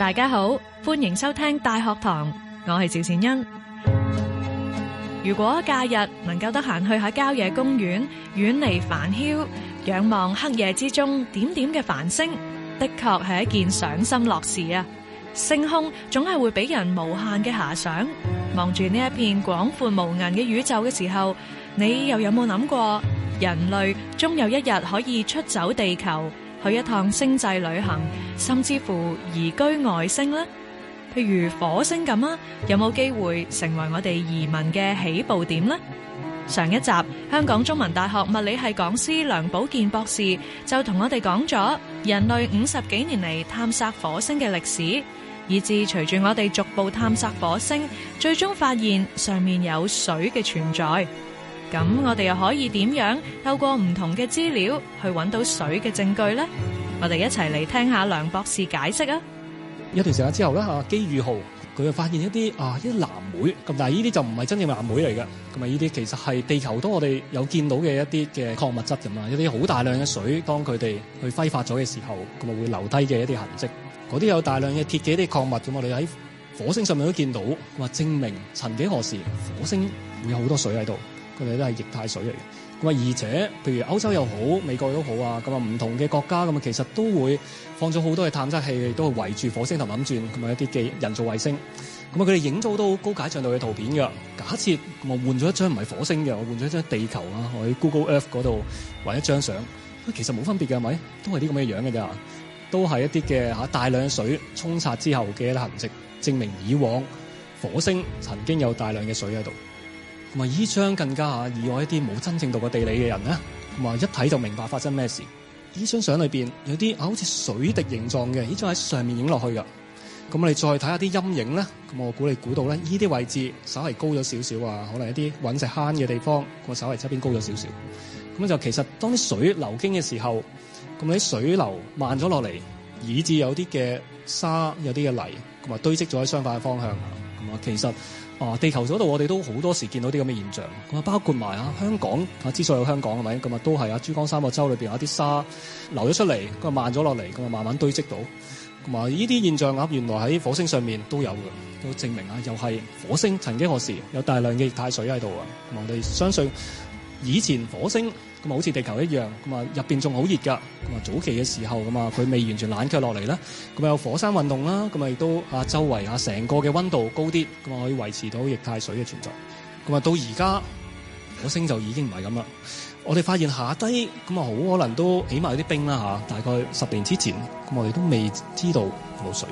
大家好，歡迎收聽大學堂，我係趙善欣。如果假日能夠得閒去下郊野公園，遠離繁囂，仰望黑夜之中點點嘅繁星，的確係一件賞心樂事啊！星空總係會俾人無限嘅遐想，望住呢一片廣闊無垠嘅宇宙嘅時候，你又有冇諗過，人類終有一日可以出走地球？去一趟星際旅行，甚至乎移居外星呢？譬如火星咁啊，有冇機會成為我哋移民嘅起步點呢？上一集香港中文大學物理系講師梁寶健博士就同我哋講咗人類五十幾年嚟探索火星嘅歷史，以至隨住我哋逐步探索火星，最終發現上面有水嘅存在。咁我哋又可以點樣透過唔同嘅資料去揾到水嘅證據咧？我哋一齊嚟聽下梁博士解釋啊。一段時間之後咧，啊機遇號佢又發現一啲啊一啲藍莓咁，但係呢啲就唔係真正藍莓嚟嘅，同埋呢啲其實係地球當我哋有見到嘅一啲嘅礦物質咁啊，一啲好大量嘅水當佢哋去揮發咗嘅時候，咁啊會留低嘅一啲痕跡。嗰啲有大量嘅鐵嘅一啲礦物質，咁我哋喺火星上面都見到，話證明曾幾何時火星會有好多水喺度。佢哋都係液態水嚟嘅。咁啊，而且譬如歐洲又好，美國都好啊。咁啊，唔同嘅國家咁啊，其實都會放咗好多嘅探測器，都係圍住火星頭諗轉，咁啊，一啲嘅人造衛星。咁啊，佢哋影咗好多高解像度嘅圖片㗎。假設我換咗一張唔係火星嘅，我換咗一張地球啊，我喺 Google Earth 嗰度揾一張相，其實冇分別嘅，係咪？都係啲咁嘅樣嘅咋，都係一啲嘅大量嘅水沖刷之後嘅痕跡，證明以往火星曾經有大量嘅水喺度。同埋呢張更加意外一啲，冇真正讀過地理嘅人咧，同埋一睇就明白發生咩事。呢張相裏面有啲啊，好似水滴形狀嘅，呢張喺上面看看影落去㗎。咁我哋再睇下啲陰影咧，咁我估你估到咧，呢啲位置稍為高咗少少啊，可能一啲隕石坑嘅地方，我稍為側邊高咗少少。咁就其實當啲水流經嘅時候，咁你水流慢咗落嚟，以致有啲嘅沙、有啲嘅泥，同埋堆積咗喺相反嘅方向。其實啊，地球嗰度我哋都好多時見到啲咁嘅現象，咁啊包括埋啊香港啊，之所以有香港係咪咁啊，都係啊珠江三角洲裏面有啲、啊、沙流咗出嚟，佢慢咗落嚟，咁啊慢慢堆積到，同埋呢啲現象啊，原來喺火星上面都有嘅，都證明啊，又係火星曾幾何時有大量嘅液態水喺度啊，我哋相信。以前火星咁啊，好似地球一樣，咁啊入邊仲好熱㗎，咁啊早期嘅時候，咁啊佢未完全冷卻落嚟咧，咁啊有火山運動啦，咁啊亦都啊周圍啊成個嘅溫度高啲，咁啊可以維持到液態水嘅存在，咁啊到而家火星就已經唔係咁啦，我哋發現下低咁啊好可能都起碼有啲冰啦嚇，大概十年之前，咁我哋都未知道冇水。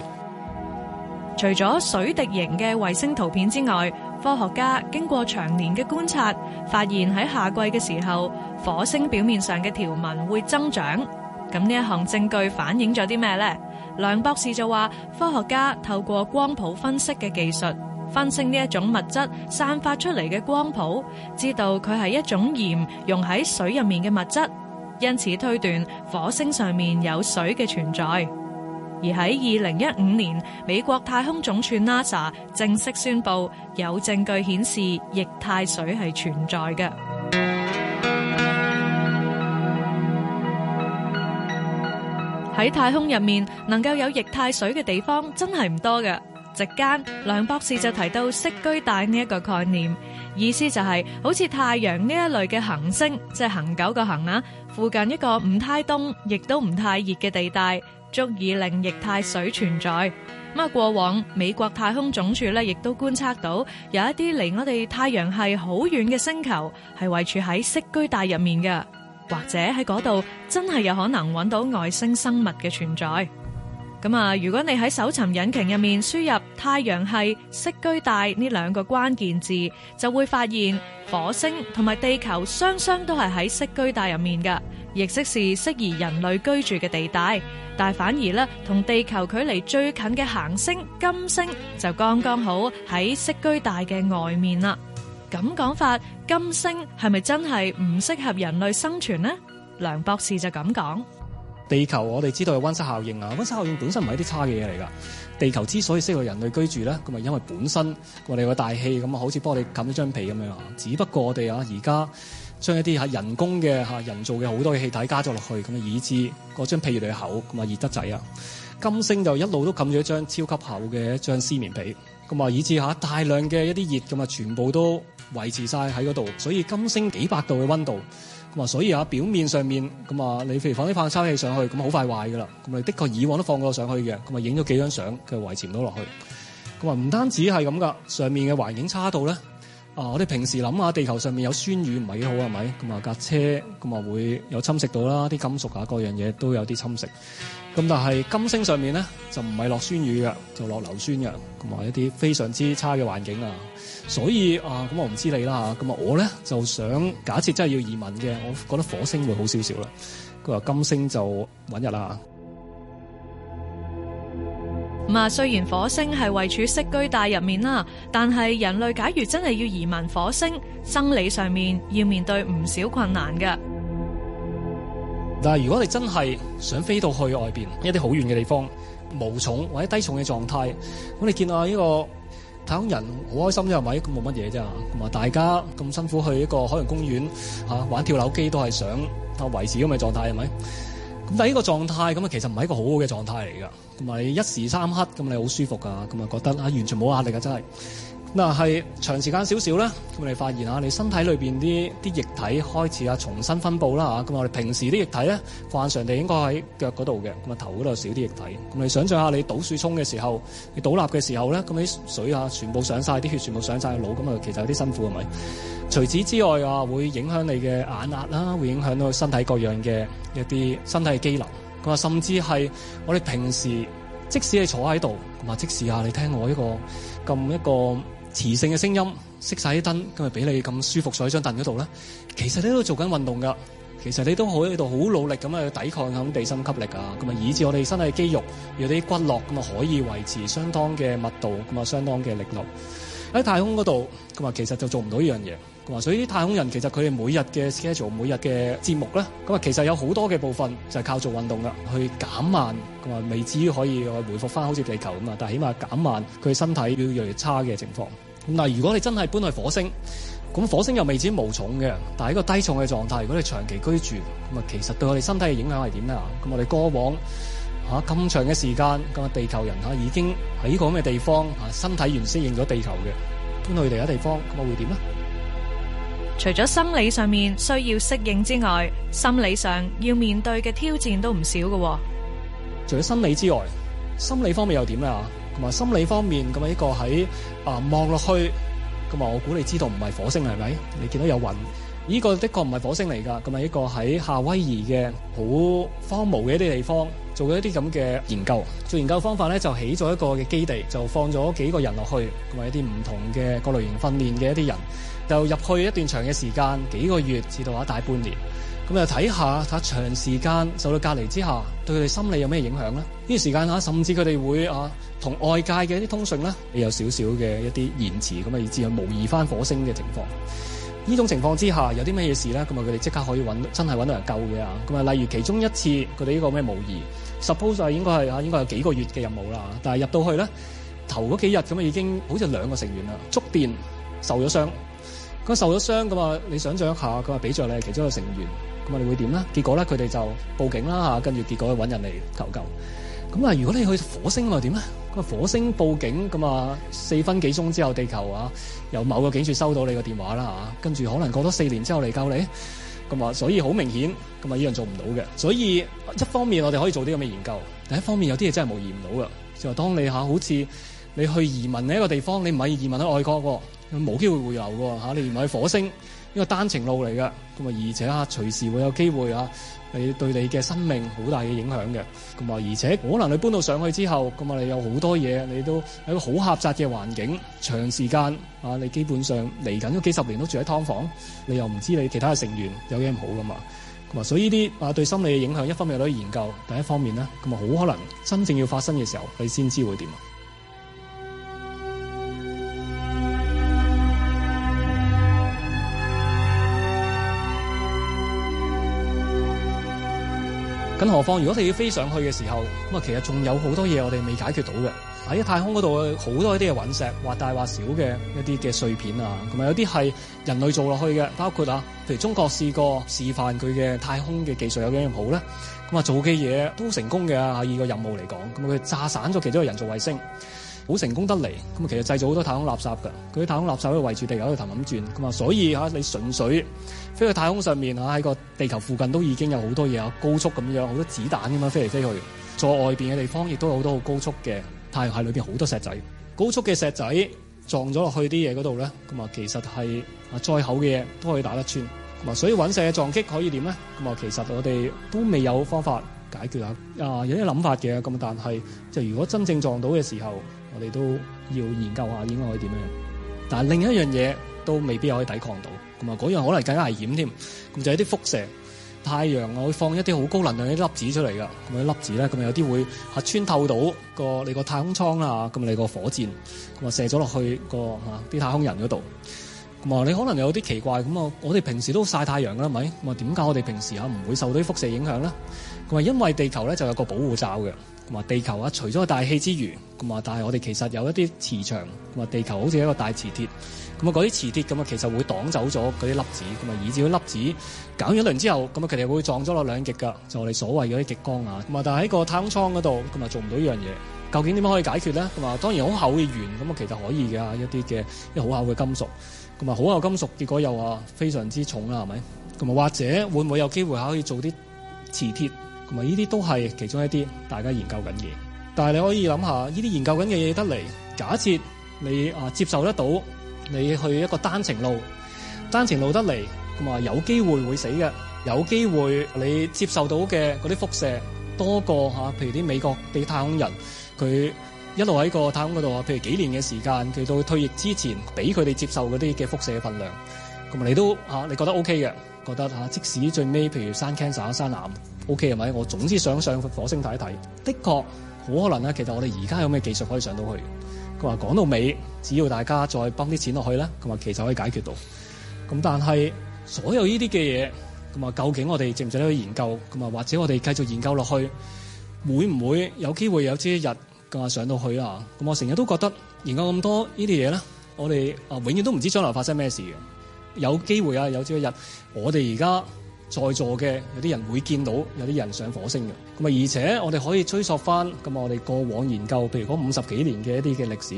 除咗水滴形嘅衛星圖片之外，科學家經過長年嘅觀察，發現喺夏季嘅時候，火星表面上嘅條紋會增長。咁呢一項證據反映咗啲咩咧？梁博士就話，科學家透過光譜分析嘅技術，分析呢一種物質散發出嚟嘅光譜，知道佢係一種鹽溶喺水入面嘅物質，因此推斷火星上面有水嘅存在。而喺二零一五年，美國太空總署 NASA 正式宣布，有證據顯示液態水係存在嘅。喺太空入面，能夠有液態水嘅地方真係唔多嘅。間梁博士就提到色居帶呢一個概念，意思就係、是、好似太陽呢一類嘅行星，即係恒久嘅恒啊，附近一個唔太凍，亦都唔太熱嘅地帶，足以令液態水存在。咁啊，過往美國太空總署咧，亦都觀測到有一啲離我哋太陽系好遠嘅星球，係位處喺色居帶入面嘅，或者喺嗰度真係有可能揾到外星生物嘅存在。咁啊，如果你喺搜尋引擎入面輸入太陽系適居帶呢兩個關鍵字，就會發現火星同埋地球雙雙都係喺適居帶入面嘅，亦即是適宜人類居住嘅地帶。但反而呢，同地球距離最近嘅行星金星就剛剛好喺適居帶嘅外面啦。咁講法，金星係咪真係唔適合人類生存呢？梁博士就咁講。地球我哋知道有溫室效應啊，溫室效應本身唔係一啲差嘅嘢嚟噶。地球之所以適合人類居住咧，咁啊因為本身我哋個大氣咁啊，好似幫你冚咗張被咁樣。只不過我哋啊，而家將一啲人工嘅人造嘅好多嘅氣體加咗落去，咁啊以致嗰張被越嚟越厚，咁啊熱得滯啊。金星就一路都冚咗一張超級厚嘅一張絲綿被，咁啊以至嚇大量嘅一啲熱咁啊全部都維持晒喺嗰度，所以金星幾百度嘅溫度。所以啊，表面上面咁啊，你譬如放啲探測器上去，咁好快就壞㗎啦，咁你的確以往都放過上去嘅，咁啊，影咗幾張相，佢維持唔到落去，咁啊，唔單止係咁㗎，上面嘅環境差到呢。啊！我哋平時諗下，地球上面有酸雨唔係幾好，係咪？咁啊架車，咁啊會有侵蝕到啦，啲金屬啊，各樣嘢都有啲侵蝕。咁、啊、但係金星上面咧就唔係落酸雨嘅，就落硫酸嘅，咁、啊、埋一啲非常之差嘅環境啊。所以啊，咁、啊啊啊、我唔知你啦嚇。咁我咧就想假設真係要移民嘅，我覺得火星會好少少啦。佢、啊、話金星就揾日啦咁啊，雖然火星係位處適居帶入面啦，但係人類假如真係要移民火星，生理上面要面對唔少困難嘅。但係如果你真係想飛到去外邊一啲好遠嘅地方，無重或者低重嘅狀態，咁你見到呢、這個太空人好開心啫，係咪？咁冇乜嘢啫，同埋大家咁辛苦去一個海洋公園吓、啊、玩跳樓機，都係想啊維持咁嘅狀態，係咪？咁但係呢個狀態，咁啊其實唔係一個好好嘅狀態嚟㗎，同埋一時三刻咁你好舒服㗎，咁啊覺得啊完全冇壓力㗎真係。嗱，係長時間少少咧，咁你發現啊，你身體裏面啲啲液體開始啊重新分布啦吓。咁我哋平時啲液體咧慣常地應該喺腳嗰度嘅，咁啊頭嗰度少啲液體。咁你想象下，你倒水沖嘅時候，你倒立嘅時候咧，咁你水啊全部上晒啲血全部上晒腦，咁啊其實有啲辛苦係咪？除此之外啊，會影響你嘅眼壓啦，會影響到身體各樣嘅一啲身體嘅機能。咁啊，甚至係我哋平時即使係坐喺度，同埋即使啊你聽我呢個咁一個。磁性嘅聲音，熄晒啲燈，咁咪俾你咁舒服坐喺張凳嗰度咧。其實你都做緊運動㗎，其實你都喺度好努力咁去抵抗咁地心吸力㗎，咁啊以致我哋身體肌肉、有啲骨骼咁啊可以維持相當嘅密度，咁啊相當嘅力度。喺太空嗰度，咁啊其實就做唔到呢樣嘢，咁啊所以啲太空人其實佢哋每日嘅 schedule、每日嘅節目咧，咁啊其實有好多嘅部分就係靠做運動㗎，去減慢，咁啊未至於可以回復翻好似地球咁啊，但係起碼減慢佢身體越嚟越差嘅情況。嗱，如果你真係搬去火星，咁火星又未至無重嘅，但係一個低重嘅狀態，如果你長期居住，咁啊其實對我哋身體嘅影響係點咧？咁我哋過往嚇咁、啊、長嘅時間，咁啊地球人嚇、啊、已經喺呢個咁嘅地方、啊、身體完適應咗地球嘅，搬去其他地方咁啊會點咧？除咗生理上面需要適應之外，心理上要面對嘅挑戰都唔少嘅、哦。除咗心理之外，心理方面又點咧？同埋心理方面，咁啊，一個喺啊望落去，咁啊，我估你知道唔係火星啦，係咪？你見到有雲，呢個的確唔係火星嚟噶。咁啊，一個喺夏威夷嘅好荒蕪嘅一啲地方做咗一啲咁嘅研究，做研究方法咧就起咗一個嘅基地，就放咗幾個人落去，同埋一啲唔同嘅各類型訓練嘅一啲人，就入去一段長嘅時間，幾個月至到大半年。咁又睇下，睇下長時間受到隔離之下，對佢哋心理有咩影響咧？呢段時間嚇，甚至佢哋會啊，同外界嘅一啲通訊咧，有少少嘅一啲延遲，咁啊，以至佢模擬翻火星嘅情況。呢種情況之下，有啲咩嘢事咧？咁啊，佢哋即刻可以搵，真係搵到人救嘅啊！咁啊，例如其中一次佢哋呢個咩模擬，suppose 係應該係啊，應該有幾個月嘅任務啦。但係入到去咧，頭嗰幾日咁啊，已經好似兩個成員啦，觸電受咗傷。咁受咗傷咁嘛，你想象一下，佢話畀咗你係其中一個成員。咁你會點咧？結果咧，佢哋就報警啦嚇，跟住結果去揾人嚟求救。咁啊，如果你去火星咁又點咧？火星報警咁啊，四分幾鐘之後，地球啊，由某個警署收到你個電話啦嚇，跟住可能過多四年之後嚟救你。咁啊，所以好明顯，咁啊，依樣做唔到嘅。所以一方面我哋可以做啲咁嘅研究，第一方面有啲嘢真係模擬唔到㗎。就當你嚇好似你去移民喺一個地方，你唔係移民喺外國喎，冇機會回流嘅嚇、啊。你移民去火星。呢個單程路嚟㗎，咁啊而且啊隨時會有機會啊，係對你嘅生命好大嘅影響嘅，咁啊而且可能你搬到上去之後，咁啊你有好多嘢，你都喺個好狹窄嘅環境，長時間啊，你基本上嚟緊都幾十年都住喺㗎房，你又唔知道你其他嘅成員有嘢唔好㗎嘛，咁啊所以呢啲啊對心理嘅影響，一方面有以研究，第一方面咧，咁啊好可能真正要發生嘅時候，你先知道會點啊。更何況，如果你要飛上去嘅時候，咁啊，其實仲有好多嘢我哋未解決到嘅喺太空嗰度，好多一啲嘅隕石，或大或小嘅一啲嘅碎片啊，同埋有啲係人類做落去嘅，包括啊，譬如中國試過示範佢嘅太空嘅技術有幾咁好咧，咁啊做嘅嘢都成功嘅啊，以個任務嚟講，咁佢炸散咗其中嘅人造衛星。好成功得嚟，咁啊其實製造好多太空垃圾㗎。佢啲太空垃圾都圍住地球喺度氹氹轉，咁啊所以你純粹飛去太空上面喺個地球附近都已經有好多嘢啊，高速咁樣，好多子彈咁樣飛嚟飛去，在外邊嘅地方亦都有好多好高速嘅太陽系裏面好多石仔，高速嘅石仔撞咗落去啲嘢嗰度咧，咁啊其實係啊再厚嘅嘢都可以打得穿，咁啊所以隕石嘅撞擊可以點咧？咁啊其實我哋都未有方法解決啊有啲諗法嘅，咁但係就如果真正撞到嘅時候。我哋都要研究下，應該可以點樣？但係另一樣嘢都未必可以抵抗到，咁嗰樣可能更加危險添。咁就係啲輻射，太陽我會放一啲好高能量啲粒子出嚟㗎。咁啲粒子咧，咁有啲會穿透到個你個太空艙啊，咁你個火箭咁啊射咗落去個啲太空人嗰度。咁啊！你可能有啲奇怪咁啊。我哋平時都曬太陽㗎啦，咪咁啊？點解我哋平時啊唔會受到啲輻射影響咧？咁啊，因為地球咧就有個保護罩嘅。咁啊，地球啊除咗個大氣之餘，咁啊，但係我哋其實有一啲磁場。咁啊，地球好似一個大磁鐵。咁啊，嗰啲磁鐵咁啊，其實會擋走咗嗰啲粒子。咁啊，以致啲粒子搞咗一輪之後，咁啊，其實會撞咗落兩極㗎，就我哋所謂嗰啲極光啊。咁啊，但係喺個太空艙嗰度，咁啊，做唔到呢樣嘢。究竟點樣可以解決咧？咁啊，當然好厚嘅鉛咁啊，其實可以嘅一啲嘅好厚嘅金屬。咁好有金屬，結果又話非常之重啦，係咪？咁或者會唔會有機會可以做啲磁鐵？咁啊呢啲都係其中一啲大家研究緊嘅。但係你可以諗下，呢啲研究緊嘅嘢得嚟，假設你啊接受得到，你去一個單程路，單程路得嚟，咁啊有機會會死嘅，有機會你接受到嘅嗰啲輻射多過嚇，譬如啲美國地太空人佢。一路喺個太空嗰度啊，譬如幾年嘅時間，佢到退役之前，俾佢哋接受嗰啲嘅輻射嘅份量，咁啊你都嚇，你覺得 O K 嘅，覺得嚇，即使最尾譬如生 cancer 生癌 O K 係咪？我總之想上火星睇一睇，的確好可能啦。其實我哋而家有咩技術可以上到去？佢話講到尾，只要大家再泵啲錢落去咧，咁啊其實可以解決到。咁但係所有呢啲嘅嘢，咁啊究竟我哋值唔值得去研究？咁啊或者我哋繼續研究落去，會唔會有機會有朝一日？咁啊，上到去啊！咁我成日都覺得研究咁多呢啲嘢咧，我哋啊永遠都唔知將來發生咩事嘅。有機會啊，有朝一日我哋而家在座嘅有啲人會見到有啲人上火星嘅。咁啊，而且我哋可以追溯翻咁啊，我哋過往研究，譬如講，五十幾年嘅一啲嘅歷史，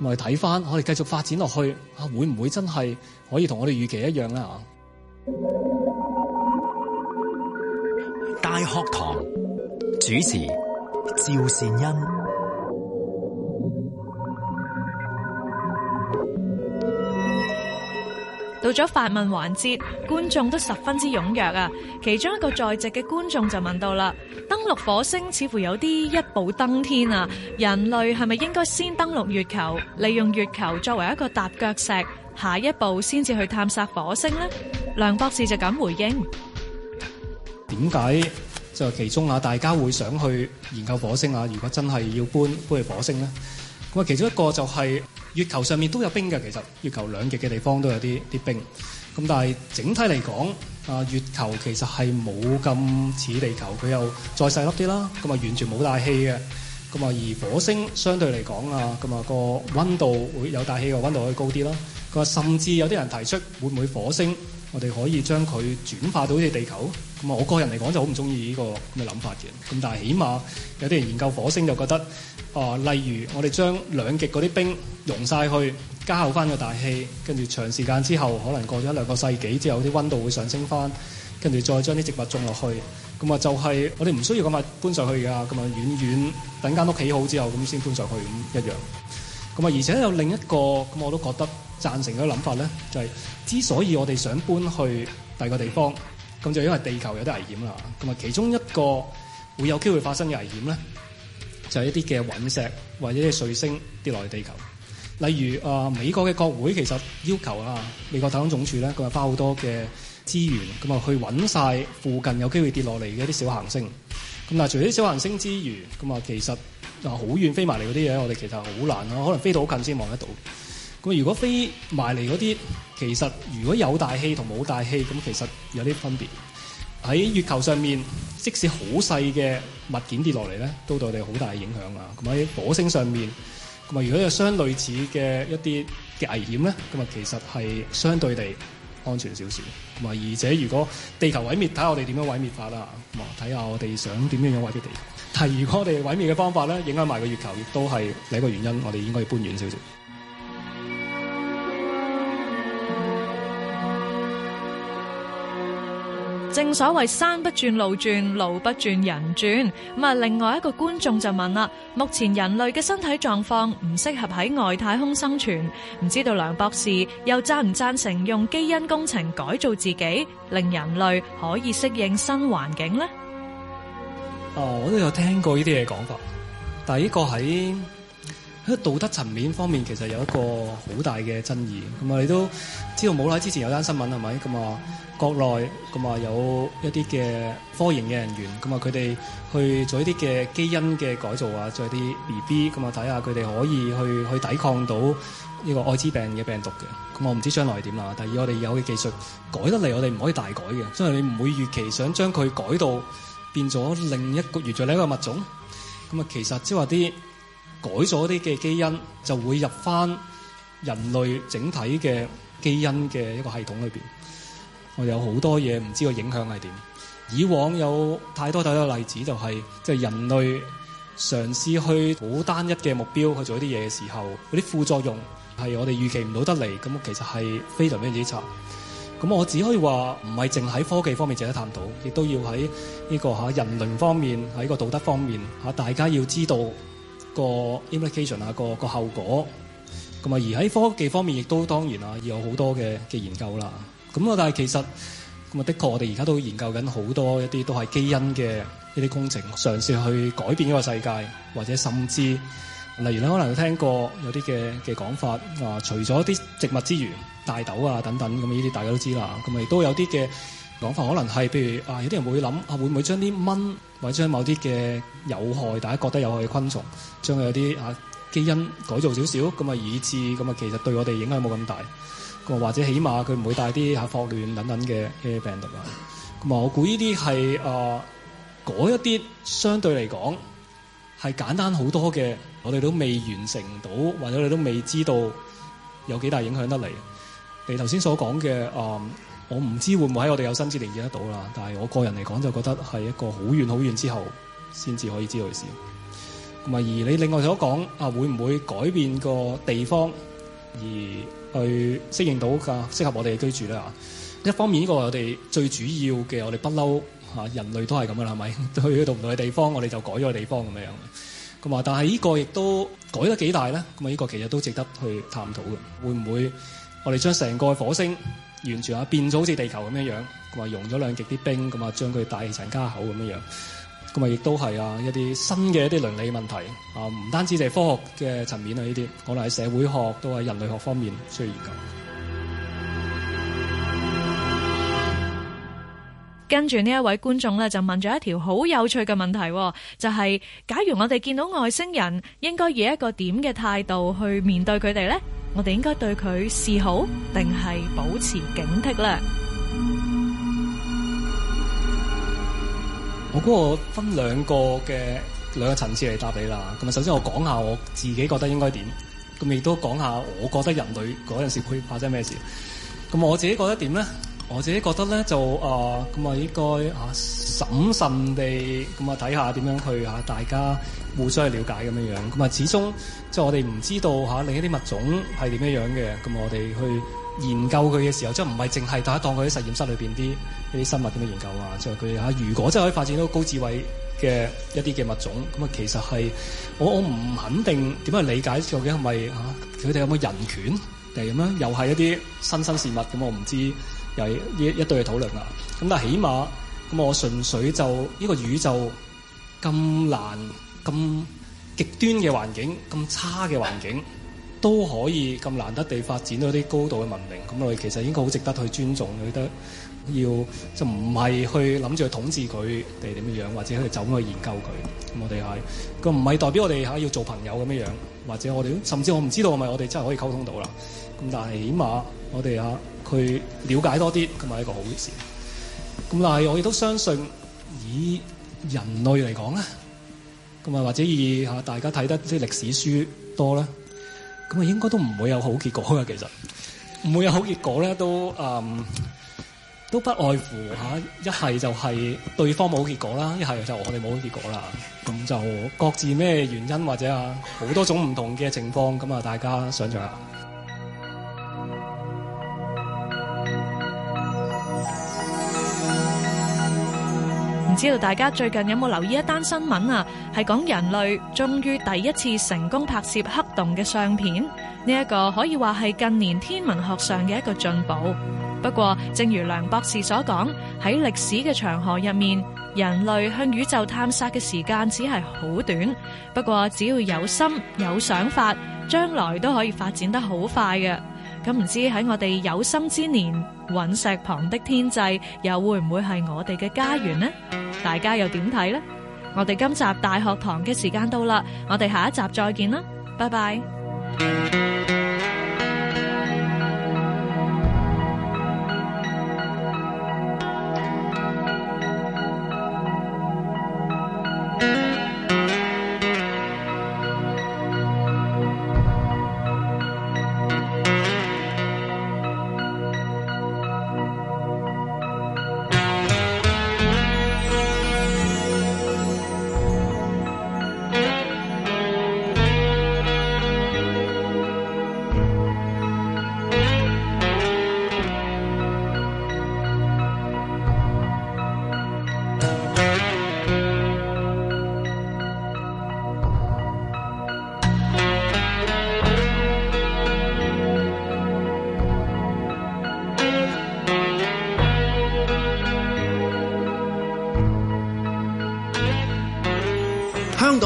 咁啊睇翻，我哋繼續發展落去啊，會唔會真係可以同我哋預期一樣咧啊？大學堂主持趙善恩。到咗發問環節，觀眾都十分之踊躍啊！其中一個在席嘅觀眾就問到啦：，登陸火星似乎有啲一步登天啊！人類係咪應該先登陸月球，利用月球作為一個踏腳石，下一步先至去探索火星呢？梁博士就咁回應：，點解就其中啊，大家會想去研究火星啊？如果真係要搬搬去火星呢，咁啊，其中一個就係、是。月球上面都有冰嘅，其實月球兩極嘅地方都有啲啲冰，咁但係整體嚟講，啊月球其實係冇咁似地球，佢又再細粒啲啦，咁啊完全冇大氣嘅，咁啊而火星相對嚟講啊，咁啊個温度會有大氣嘅温度會高啲啦，佢話甚至有啲人提出會唔會火星，我哋可以將佢轉化到好似地球咁啊！我個人嚟講就好唔中意呢個咁嘅諗法嘅。咁但係起碼有啲人研究火星就覺得啊、呃，例如我哋將兩極嗰啲冰融晒去，加厚翻個大氣，跟住長時間之後，可能過咗一兩個世紀之後，啲温度會上升翻，跟住再將啲植物種落去。咁啊，就係我哋唔需要咁啊搬上去㗎，咁啊遠遠等間屋起好之後咁先搬上去咁一樣。咁啊，而且有另一個咁我都覺得。贊成嘅諗法咧，就係、是、之所以我哋想搬去第二個地方，咁就因為地球有啲危險啦。咁啊，其中一個會有機會發生嘅危險咧，就係、是、一啲嘅隕石或者啲彗星跌落去地球。例如啊，美國嘅國會其實要求啊，美國太空總署咧，佢咪花好多嘅資源，咁啊去揾晒附近有機會跌落嚟嘅一啲小行星。咁但係除咗小行星之餘，咁啊其實好遠飛埋嚟嗰啲嘢，我哋其實好難啊，可能飛到好近先望得到。咁如果飛埋嚟嗰啲，其實如果有大氣同冇大氣，咁其實有啲分別。喺月球上面，即使好細嘅物件跌落嚟咧，都對我哋好大嘅影響啊！咁喺火星上面，咁啊如果有相類似嘅一啲嘅危險咧，咁啊其實係相對地安全少少。同埋而且如果地球毀滅，睇下我哋點樣毀滅法啦。咁啊，睇下我哋想點樣樣毀滅地球。但係，如果我哋毀滅嘅方法咧，影響埋個月球，亦都係另一個原因，我哋應該要搬遠少少。正所謂山不轉路轉，路不轉人轉。咁另外一個觀眾就問啦：目前人類嘅身體狀況唔適合喺外太空生存，唔知道梁博士又贊唔贊成用基因工程改造自己，令人類可以適應新環境呢？哦，我都有聽過呢啲嘢講法，但係呢個喺。喺道德層面方面，其實有一個好大嘅爭議。咁你都知道冇啦。之前有單新聞係咪？咁啊，國內咁啊，有一啲嘅科研嘅人員，咁啊，佢哋去做一啲嘅基因嘅改造啊，做一啲 B B，咁啊，睇下佢哋可以去去抵抗到呢個愛滋病嘅病毒嘅。咁我唔知將來係點啦。第二，我哋有嘅技術改得嚟，我哋唔可以大改嘅，所以你唔會預期想將佢改到變咗另一個完全另一個物種。咁啊，其實即係話啲。改咗啲嘅基因，就會入翻人類整體嘅基因嘅一個系統裏邊，我有好多嘢唔知個影響係點。以往有太多太多例子，就係，就係即係人類嘗試去好單一嘅目標去做一啲嘢嘅時候，嗰啲副作用係我哋預期唔到得嚟，咁其實係非常非常之差，咁我只可以話唔係淨喺科技方面值得探討，亦都要喺呢個吓人倫方面喺個道德方面吓大家要知道。這個 implication 啊、這個，個、這個後果，同埋而喺科技方面亦都當然啊，要有好多嘅嘅、這個、研究啦。咁啊，但係其實咁啊，的確我哋而家都在研究緊好多一啲都係基因嘅一啲工程，嘗試去改變一個世界，或者甚至例如你可能聽過有啲嘅嘅講法啊，除咗啲植物之餘，大豆啊等等咁呢啲大家都知啦，咁啊亦都有啲嘅。講法可能係，譬如啊，有啲人會諗啊，會唔會將啲蚊或者將某啲嘅有害，大家覺得有害嘅昆蟲，將佢有啲啊基因改造少少，咁啊以致咁啊，其實對我哋影響冇咁大，咁或者起碼佢唔會帶啲啊霍亂等等嘅啊病毒啊，咁啊我估呢啲係嗰一啲相對嚟講係簡單好多嘅，我哋都未完成到，或者你都未知道有幾大影響得嚟。你頭先所講嘅啊。呃我唔知會唔會喺我哋有生之年見得到啦，但係我個人嚟講就覺得係一個好遠好遠之後先至可以知道嘅事。同埋而你另外所講啊，會唔會改變個地方而去適應到適合我哋嘅居住咧？一方面呢個我哋最主要嘅我哋不嬲人類都係咁噶啦，係咪去到唔同嘅地方我哋就改咗個地方咁樣樣咁啊？但係呢個亦都改得幾大咧？咁啊呢個其實都值得去探討嘅，會唔會我哋將成個火星，完全啊，變咗好似地球咁樣樣，佢話融咗兩極啲冰，咁啊將佢大氣層加厚咁樣樣，咁啊亦都係啊一啲新嘅一啲倫理問題啊，唔單止係科學嘅層面啊，呢啲可能喺社會學都係人類學方面需要研究。跟住呢一位觀眾咧，就問咗一條好有趣嘅問題，就係、是、假如我哋見到外星人，應該以一個點嘅態度去面對佢哋咧？我哋應該對佢示好，定係保持警惕咧？我估我分兩個嘅兩個層次嚟答你啦。咁啊，首先我講下我自己覺得應該點，咁亦都講下我覺得人類嗰陣時會發生咩事。咁我自己覺得點咧？我自己覺得咧，就啊咁啊，應該啊審慎地咁啊，睇下點樣去嚇大家互相去了解咁樣樣。咁啊，始終即係我哋唔知道嚇、啊、另一啲物種係點樣樣嘅。咁我哋去研究佢嘅時候，即係唔係淨係當一當佢喺實驗室裏邊啲啲生物點樣研究啊？即係佢嚇，如果真係可以發展到高智慧嘅一啲嘅物種，咁啊，其實係我我唔肯定點樣去理解究竟係咪嚇佢哋有冇人權定係咁樣，又係一啲新生事物咁，我唔知。又一對嘅討論啦。咁但係起碼，咁我純粹就呢個宇宙咁難、咁極端嘅環境，咁差嘅環境，都可以咁難得地發展到啲高度嘅文明。咁我哋其實應該好值得去尊重。佢得要就唔係去諗住去統治佢哋點樣，或者去走去研究佢。咁我哋係咁唔係代表我哋要做朋友咁樣，或者我哋甚至我唔知道係咪我哋真係可以溝通到啦。咁但係起碼我哋啊去了解多啲，咁啊係一個好事。咁但係我亦都相信，以人類嚟講咧，咁啊或者以吓大家睇得啲歷史書多啦，咁啊應該都唔會有好結果嘅。其實唔會有好結果咧，都誒、嗯、都不外乎吓、啊、一係就係對方冇結果啦，一係就是我哋冇結果啦。咁就各自咩原因或者啊好多種唔同嘅情況，咁啊大家想象下。知道大家最近有冇留意一單新聞啊？係講人類終於第一次成功拍攝黑洞嘅相片。呢一個可以話係近年天文學上嘅一個進步。不過，正如梁博士所講，喺歷史嘅長河入面，人類向宇宙探索嘅時間只係好短。不過，只要有心有想法，將來都可以發展得好快嘅。咁唔知喺我哋有生之年，隕石旁的天際，又會唔會係我哋嘅家園呢？大家又點睇呢？我哋今集大學堂嘅時間到啦，我哋下一集再見啦，拜拜。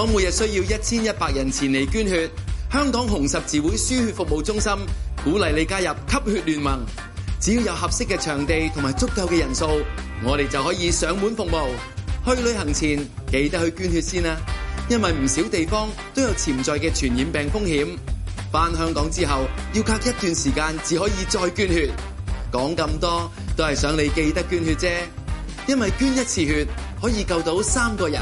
我每日需要一千一百人前嚟捐血，香港紅十字會輸血服務中心鼓勵你加入吸血聯盟。只要有合適嘅場地同埋足夠嘅人數，我哋就可以上門服務。去旅行前記得去捐血先啦，因為唔少地方都有潛在嘅傳染病風險。返香港之後要隔一段時間，至可以再捐血。講咁多都係想你記得捐血啫，因為捐一次血可以救到三個人。